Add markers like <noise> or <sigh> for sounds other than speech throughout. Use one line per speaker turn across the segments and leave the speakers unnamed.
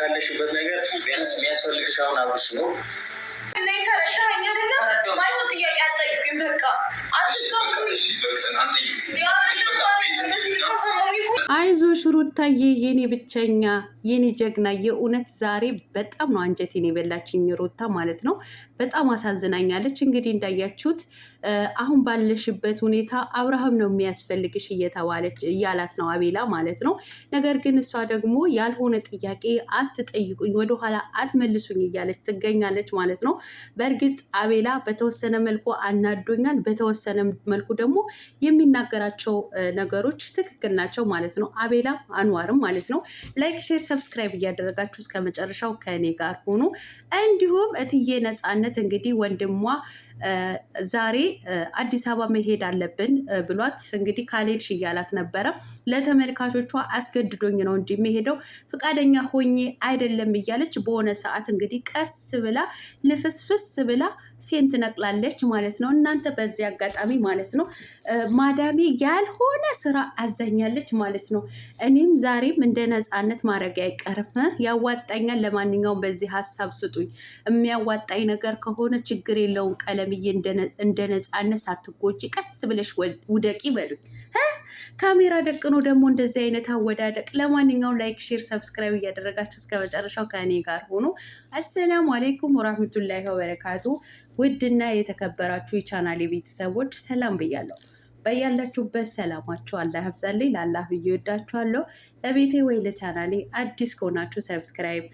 ካለሽበት ነገር ቢያንስ የሚያስፈልግሽ አሁን አብርሽ ነው
አይዞሽ ሩታዬ የኔ ብቸኛ የኔ ጀግና፣ የእውነት ዛሬ በጣም ነው አንጀቴን የበላችኝ ሩታ ማለት ነው። በጣም አሳዝናኛለች። እንግዲህ እንዳያችሁት አሁን ባለሽበት ሁኔታ አብርሃም ነው የሚያስፈልግሽ እየተባለች እያላት ነው አቤላ ማለት ነው። ነገር ግን እሷ ደግሞ ያልሆነ ጥያቄ አትጠይቁኝ፣ ወደኋላ አትመልሱኝ እያለች ትገኛለች ማለት ነው። በእርግጥ አቤላ በተወሰነ መልኩ አናዶኛል፣ በተወሰነ መልኩ ደግሞ የሚናገራቸው ነገሮች ትክክል ናቸው ማለት ነው። አቤላ አንዋርም ማለት ነው። ላይክ፣ ሼር፣ ሰብስክራይብ እያደረጋችሁ እስከ መጨረሻው ከእኔ ጋር ሆኑ። እንዲሁም እትዬ ነፃነት እንግዲህ ወንድሟ ዛሬ አዲስ አበባ መሄድ አለብን ብሏት እንግዲህ ካልሄድሽ እያላት ነበረ። ለተመልካቾቿ አስገድዶኝ ነው እንጂ የሚሄደው ፈቃደኛ ሆኜ አይደለም እያለች በሆነ ሰዓት እንግዲህ ቀስ ብላ ልፍስፍስ ብላ ፌንት ነቅላለች ማለት ነው። እናንተ በዚህ አጋጣሚ ማለት ነው ማዳሜ ያልሆነ ስራ አዛኛለች ማለት ነው። እኔም ዛሬም እንደ ነፃነት ማድረግ አይቀርም። ያዋጣኛል። ለማንኛውም በዚህ ሀሳብ ስጡኝ። የሚያዋጣኝ ነገር ከሆነ ችግር የለውም። ቀለምዬ እንደ ነፃነት ሳትጎጂ ቀስ ብለሽ ውደቂ በሉኝ። ካሜራ ደቅኖ ደግሞ እንደዚህ አይነት አወዳደቅ። ለማንኛውም ላይክ፣ ሼር፣ ሰብስክራይብ እያደረጋችሁ እስከ መጨረሻው ከእኔ ጋር ሆኖ አሰላሙ አሌይኩም ወራህመቱላሂ ወበረካቱ። ውድና የተከበራችሁ የቻናሌ ቤተሰቦች ሰላም ብያለሁ። በያላችሁበት ሰላማችሁ አላህ ያብዛልኝ። ለአላህ ብዬ ወዳችኋለሁ። ለቤቴ ወይ ለቻናሌ አዲስ ከሆናችሁ ሰብስክራይብ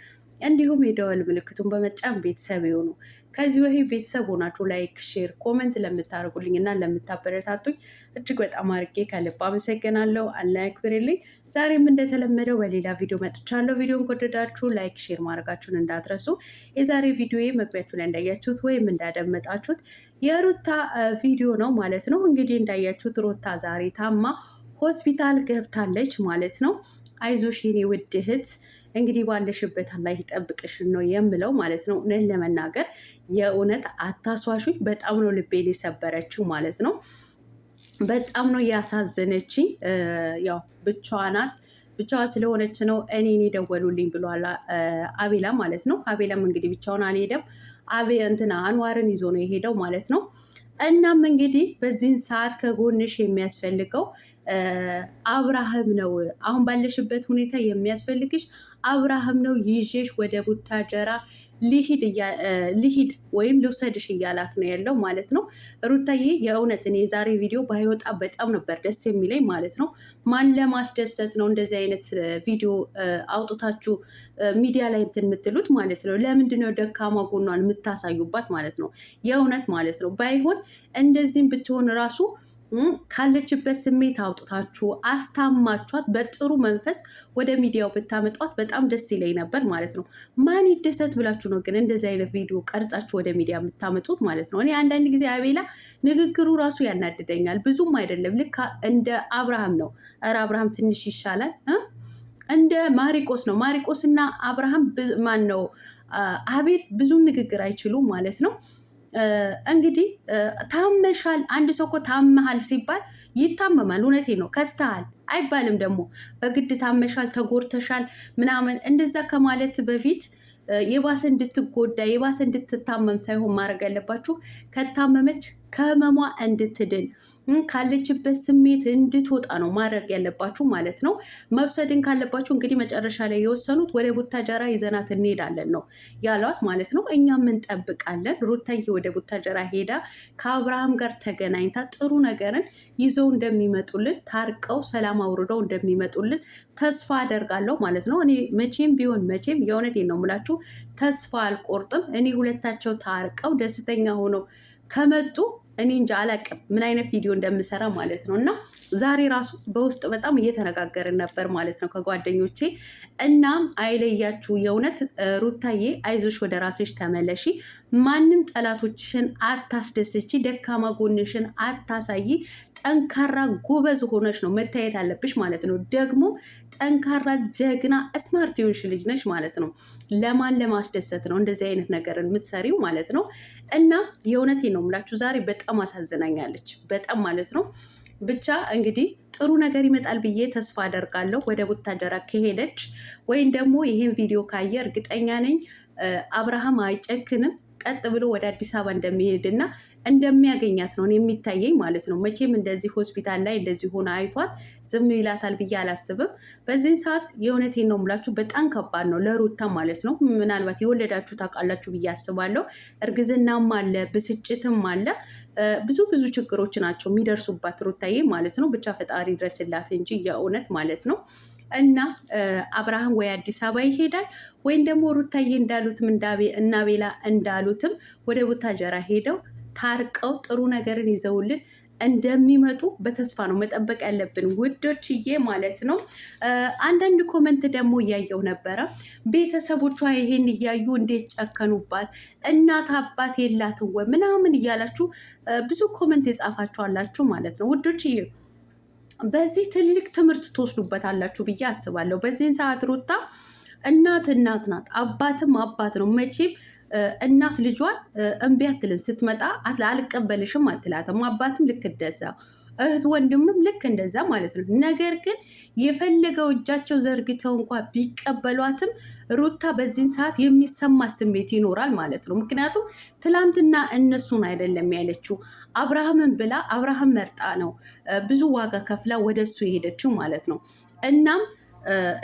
እንዲሁም የደወል ምልክቱን በመጫን ቤተሰብ የሆኑ ከዚህ በፊት ቤተሰብ ሆናችሁ ላይክ፣ ሼር፣ ኮመንት ለምታደርጉልኝ እና ለምታበረታቱኝ እጅግ በጣም አድርጌ ከልብ አመሰግናለሁ። አላህ ያክብርልኝ። ዛሬም እንደተለመደው በሌላ ቪዲዮ መጥቻለሁ። ቪዲዮን ከወደዳችሁ ላይክ፣ ሼር ማድረጋችሁን እንዳትረሱ። የዛሬ ቪዲዮ መግቢያችሁ ላይ እንዳያችሁት ወይም እንዳደመጣችሁት የሩታ ቪዲዮ ነው ማለት ነው። እንግዲህ እንዳያችሁት ሩታ ዛሬ ታማ ሆስፒታል ገብታለች ማለት ነው። አይዞሽ የኔ ውድ እህት እንግዲህ ባለሽበት አላህ ይጠብቅሽን ነው የምለው ማለት ነው። እውነት ለመናገር የእውነት አታስዋሹኝ። በጣም ነው ልቤን የሰበረችው ማለት ነው። በጣም ነው ያሳዘነችኝ። ያው ብቻዋ ናት ብቻዋ ስለሆነች ነው እኔን የደወሉልኝ ብሏል አቤላ ማለት ነው። አቤላም እንግዲህ ብቻውን አልሄደም። አቤ እንትና አንዋርን ይዞ ነው የሄደው ማለት ነው። እናም እንግዲህ በዚህን ሰዓት ከጎንሽ የሚያስፈልገው አብርሃም ነው አሁን ባለሽበት ሁኔታ የሚያስፈልግሽ አብርሃም ነው ይዤሽ ወደ ቡታጀራ ልሂድ ወይም ልውሰድሽ እያላት ነው ያለው ማለት ነው። ሩታዬ የእውነት እኔ የዛሬ ቪዲዮ ባይወጣ በጣም ነበር ደስ የሚለኝ ማለት ነው። ማን ለማስደሰት ነው እንደዚህ አይነት ቪዲዮ አውጥታችሁ ሚዲያ ላይ እንትን የምትሉት ማለት ነው? ለምንድነው ደካማ ጎኗን የምታሳዩባት ማለት ነው? የእውነት ማለት ነው። ባይሆን እንደዚህም ብትሆን ራሱ ካለችበት ስሜት አውጥታችሁ አስታማችኋት በጥሩ መንፈስ ወደ ሚዲያው ብታመጧት በጣም ደስ ይለኝ ነበር ማለት ነው። ማን ይደሰት ብላችሁ ነው ግን እንደዚህ አይነት ቪዲዮ ቀርጻችሁ ወደ ሚዲያ የምታመጡት ማለት ነው። እኔ አንዳንድ ጊዜ አቤላ ንግግሩ ራሱ ያናድደኛል። ብዙም አይደለም፣ ልክ እንደ አብርሃም ነው። ኧረ አብርሃም ትንሽ ይሻላል። እንደ ማሪቆስ ነው። ማሪቆስ እና አብርሃም ማን ነው አቤል ብዙም ንግግር አይችሉም ማለት ነው። እንግዲህ ታመሻል። አንድ ሰው እኮ ታመሃል ሲባል ይታመማል። እውነቴ ነው። ከስተሃል አይባልም ደግሞ በግድ ታመሻል፣ ተጎድተሻል ምናምን እንደዛ ከማለት በፊት የባሰ እንድትጎዳ የባሰ እንድትታመም ሳይሆን ማድረግ ያለባችሁ ከታመመች ከህመሟ እንድትድን ካለችበት ስሜት እንድትወጣ ነው ማድረግ ያለባችሁ ማለት ነው። መውሰድን ካለባችሁ እንግዲህ መጨረሻ ላይ የወሰኑት ወደ ቡታጀራ ይዘናት እንሄዳለን ነው ያሏት ማለት ነው። እኛም እንጠብቃለን። ሩታዬ ወደ ቡታጀራ ሄዳ ከአብርሃም ጋር ተገናኝታ ጥሩ ነገርን ይዘው እንደሚመጡልን ታርቀው ሰላም አውርደው እንደሚመጡልን ተስፋ አደርጋለሁ ማለት ነው። እኔ መቼም ቢሆን መቼም የእውነቴን ነው የምላችሁ ተስፋ አልቆርጥም። እኔ ሁለታቸው ታርቀው ደስተኛ ሆነው ከመጡ እኔ እንጃ አላቅም ምን አይነት ቪዲዮ እንደምሰራ ማለት ነው። እና ዛሬ ራሱ በውስጥ በጣም እየተነጋገርን ነበር ማለት ነው ከጓደኞቼ። እናም አይለያችሁ የእውነት ሩታዬ፣ አይዞሽ ወደ ራስሽ ተመለሺ። ማንም ጠላቶችሽን አታስደስቺ፣ ደካማ ጎንሽን አታሳይ። ጠንካራ ጎበዝ ሆነች ነው መታየት አለብሽ ማለት ነው። ደግሞ ጠንካራ ጀግና ስማርት የሆንሽ ልጅ ነች ማለት ነው። ለማን ለማስደሰት ነው እንደዚህ አይነት ነገርን የምትሰሪው ማለት ነው። እና የእውነቴ ነው የምላችሁ ዛሬ በጣም አሳዝናኛለች፣ በጣም ማለት ነው። ብቻ እንግዲህ ጥሩ ነገር ይመጣል ብዬ ተስፋ አደርጋለሁ። ወደ ቡታጀራ ከሄደች ወይም ደግሞ ይህን ቪዲዮ ካየ እርግጠኛ ነኝ አብርሃም አይጨክንም። ቀጥ ብሎ ወደ አዲስ አበባ እንደሚሄድና እንደሚያገኛት ነው የሚታየኝ ማለት ነው። መቼም እንደዚህ ሆስፒታል ላይ እንደዚህ ሆነ አይቷት ዝም ይላታል ብዬ አላስብም። በዚህን ሰዓት የእውነቴን ነው የምላችሁ፣ በጣም ከባድ ነው ለሩታ ማለት ነው። ምናልባት የወለዳችሁ ታውቃላችሁ ብዬ አስባለሁ። እርግዝናም አለ፣ ብስጭትም አለ። ብዙ ብዙ ችግሮች ናቸው የሚደርሱባት ሩታዬ ማለት ነው። ብቻ ፈጣሪ ድረስላት እንጂ የእውነት ማለት ነው። እና አብርሃም ወይ አዲስ አበባ ይሄዳል ወይም ደግሞ ሩታዬ እንዳሉትም እና ቤላ እንዳሉትም ወደ ቡታጀራ ሄደው ታርቀው ጥሩ ነገርን ይዘውልን እንደሚመጡ በተስፋ ነው መጠበቅ ያለብን ውዶችዬ ማለት ነው። አንዳንድ ኮመንት ደግሞ እያየው ነበረ። ቤተሰቦቿ ይሄን እያዩ እንዴት ጨከኑባት፣ እናት አባት የላትወ ምናምን እያላችሁ ብዙ ኮመንት የጻፋችሁ ማለት ነው ውዶችዬ በዚህ ትልቅ ትምህርት ትወስዱበታላችሁ ብዬ አስባለሁ። በዚህን ሰዓት ሩታ እናት እናት ናት፣ አባትም አባት ነው። መቼም እናት ልጇን እምቢ ስትመጣ አልቀበልሽም አትላትም። አባትም ልክ እህት ወንድምም ልክ እንደዛ ማለት ነው። ነገር ግን የፈለገው እጃቸው ዘርግተው እንኳ ቢቀበሏትም ሩታ በዚህን ሰዓት የሚሰማ ስሜት ይኖራል ማለት ነው። ምክንያቱም ትላንትና እነሱን አይደለም ያለችው አብርሃምን ብላ አብርሃም መርጣ ነው ብዙ ዋጋ ከፍላ ወደ እሱ የሄደችው ማለት ነው። እናም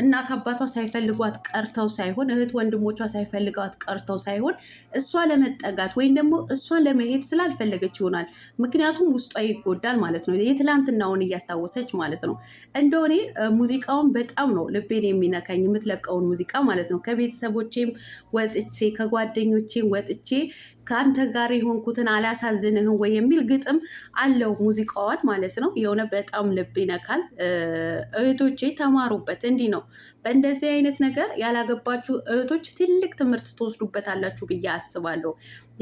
እናት አባቷ ሳይፈልጓት ቀርተው ሳይሆን እህት ወንድሞቿ ሳይፈልጓት ቀርተው ሳይሆን እሷ ለመጠጋት ወይም ደግሞ እሷ ለመሄድ ስላልፈለገች ይሆናል። ምክንያቱም ውስጧ ይጎዳል ማለት ነው። የትላንትናውን እያስታወሰች ማለት ነው። እንደሆኔ ሙዚቃውን በጣም ነው ልቤን የሚነካኝ የምትለቀውን ሙዚቃ ማለት ነው። ከቤተሰቦቼም ወጥቼ ከጓደኞቼም ወጥቼ ከአንተ ጋር የሆንኩትን አላሳዝንህም ወይ የሚል ግጥም አለው ሙዚቃዋን ማለት ነው። የሆነ በጣም ልብ ይነካል። እህቶቼ ተማሩበት። እንዲህ ነው። በእንደዚህ አይነት ነገር ያላገባችሁ እህቶች ትልቅ ትምህርት ትወስዱበታላችሁ ብዬ አስባለሁ።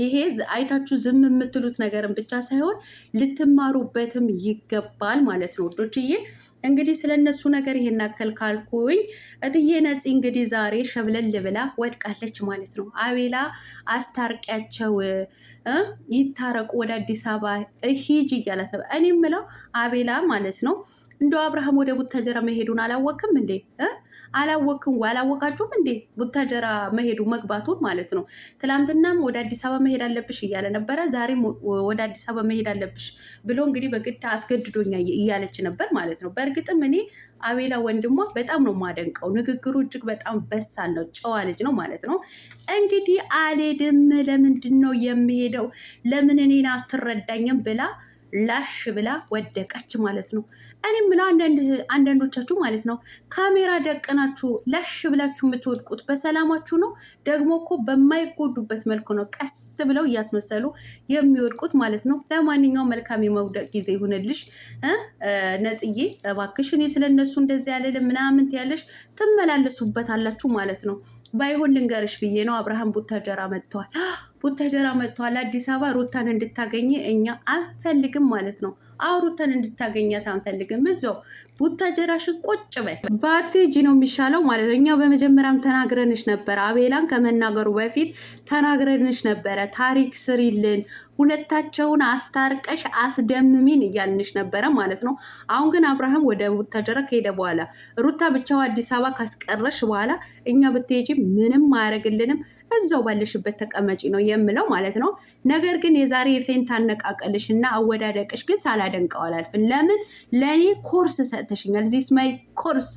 ይሄ አይታችሁ ዝም የምትሉት ነገርን ብቻ ሳይሆን ልትማሩበትም ይገባል ማለት ነው ወዶችዬ። እንግዲህ ስለነሱ ነገር ይሄን አከል ካልኩኝ እትዬ ነፂ እንግዲህ ዛሬ ሸብለል ብላ ወድቃለች ማለት ነው። አቤላ አስታርቂያቸው ይታረቁ፣ ወደ አዲስ አበባ ሂጅ እያላት ነው። እኔ የምለው አቤላ ማለት ነው እንደ አብርሃም ወደ ቡታጀራ መሄዱን አላወቅም እንዴ? አላወቅም ወይ አላወቃችሁም እንዴ ቡታጀራ መሄዱ መግባቱን ማለት ነው። ትላንትናም ወደ አዲስ አበባ መሄድ አለብሽ እያለ ነበረ። ዛሬም ወደ አዲስ አበባ መሄድ አለብሽ ብሎ እንግዲህ በግድ አስገድዶኛ እያለች ነበር ማለት ነው። በእርግጥም እኔ አቤላ ወንድሟ በጣም ነው ማደንቀው ንግግሩ እጅግ በጣም በሳል ነው፣ ጨዋ ልጅ ነው ማለት ነው። እንግዲህ አልሄድም ለምንድን ነው የምሄደው? ለምን እኔን አትረዳኝም ብላ ላሽ ብላ ወደቀች ማለት ነው። እኔም ምለው አንዳንዶቻችሁ ማለት ነው ካሜራ ደቅናችሁ ላሽ ብላችሁ የምትወድቁት በሰላማችሁ ነው። ደግሞ እኮ በማይጎዱበት መልኩ ነው ቀስ ብለው እያስመሰሉ የሚወድቁት ማለት ነው። ለማንኛውም መልካም የመውደቅ ጊዜ ይሁንልሽ ነጽዬ፣ እባክሽ እኔ ስለነሱ እንደዚህ ያለል ምናምን ያለሽ ትመላለሱበት አላችሁ ማለት ነው። ባይሆን ልንገርሽ ብዬ ነው። አብርሃም ቡታጀራ መጥተዋል፣ <gasps> ቡታጀራ መጥተዋል። አዲስ አበባ ሩታን እንድታገኝ እኛ አንፈልግም ማለት ነው። አውሩተን እንድታገኛት አንፈልግም። እዛው ቡታጀራሽን ቁጭ በይ ባትሄጂ ነው የሚሻለው ማለት ነው። እኛ በመጀመሪያም ተናግረንሽ ነበረ። አቤላን ከመናገሩ በፊት ተናግረንሽ ነበረ። ታሪክ ስሪልን፣ ሁለታቸውን አስታርቀሽ አስደምሚን እያልንሽ ነበረ ማለት ነው። አሁን ግን አብርሃም ወደ ቡታጀራ ከሄደ በኋላ ሩታ ብቻው አዲስ አበባ ካስቀረሽ በኋላ እኛ ብትሄጂ ምንም አያደርግልንም። እዛው ባለሽበት ተቀመጪ ነው የምለው ማለት ነው። ነገር ግን የዛሬ የፌንት አነቃቀልሽ እና አወዳደቅሽ ግን ሳላደንቀው አላልፍም። ለምን ለእኔ ኮርስ ሰጥተሽኛል። ዚስ ማይ ኮርስ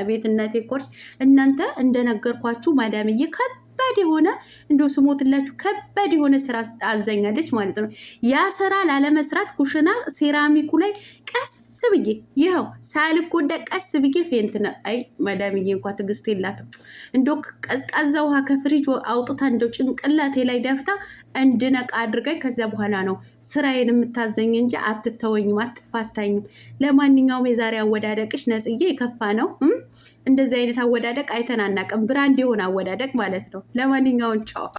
አቤትነቴ ኮርስ። እናንተ እንደነገርኳችሁ ማዳምዬ ከብ ከባድ የሆነ እንደ ስሞትላችሁ ከባድ የሆነ ስራ አዘኛለች ማለት ነው። ያ ስራ ላለመስራት ኩሽና ሴራሚኩ ላይ ቀስ ብዬ ይኸው ሳልጎዳ ቀስ ብዬ ፌንት ነ አይ መዳምዬ እንኳ ትግስት የላትም። እንደ ቀዝቃዛ ውሃ ከፍሪጅ አውጥታ እንደው ጭንቅላቴ ላይ ደፍታ እንድነቃ አድርጋኝ። ከዚያ በኋላ ነው ስራዬን የምታዘኝ እንጂ አትተወኝም፣ አትፋታኝም። ለማንኛውም የዛሬ አወዳደቅሽ ነጽዬ የከፋ ነው። እንደዚህ አይነት አወዳደቅ አይተን አናውቅም። ብራንድ የሆነ አወዳደቅ ማለት ነው። ለማንኛውም ጫዋ